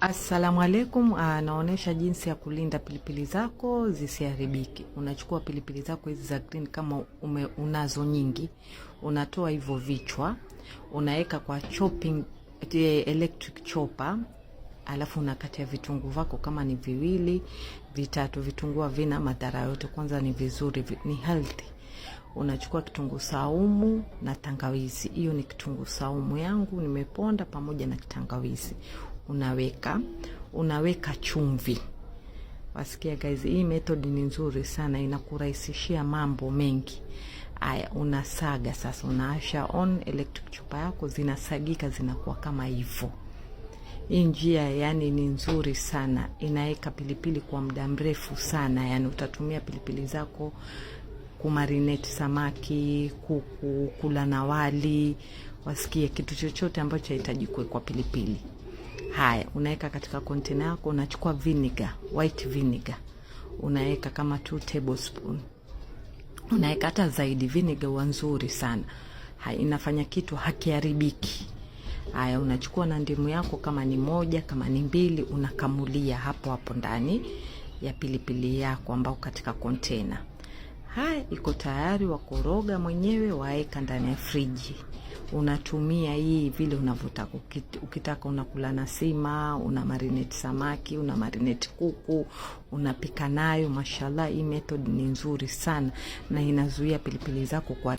Assalamu alaikum. Anaonyesha ah, jinsi ya kulinda pilipili zako zisiharibike Unachukua pilipili zako hizi za green, kama ume, unazo nyingi, unatoa hivyo vichwa, unaweka kwa chopping eh, electric chopper, alafu unakatia vitunguu vako kama ni viwili vitatu. vitungua vina madhara yote, kwanza ni vizuri, ni healthy unachukua kitunguu saumu na tangawizi. Hiyo ni kitunguu saumu yangu nimeponda pamoja na kitangawizi, unaweka unaweka chumvi. Wasikia guys, hii method ni nzuri sana, inakurahisishia mambo mengi. Aya, unasaga sasa, unaasha on electric chupa yako, zinasagika zinakuwa kama hivyo. Hii njia yani ni nzuri sana, inaweka pilipili kwa muda mrefu sana. Yani utatumia pilipili zako kumarineti samaki, kuku, kula na wali, wasikie kitu chochote ambacho hahitaji kuwekwa pilipili. Haya, unaweka katika kontena yako, unachukua vinegar, white vinegar unaweka kama 2 tablespoon, unaweka hata zaidi. Vinegar huwa nzuri sana, haya inafanya kitu hakiharibiki. Haya, unachukua na ndimu yako, kama ni moja, kama ni mbili, unakamulia hapo hapo ndani ya pilipili yako ambao katika kontena haya iko tayari, wakoroga mwenyewe, waeka ndani ya friji. Unatumia hii vile unavyotaka, ukitaka unakula na sima, una marinate samaki, una marinate kuku, unapika nayo. Mashallah, hii method ni nzuri sana na inazuia pilipili zako kwa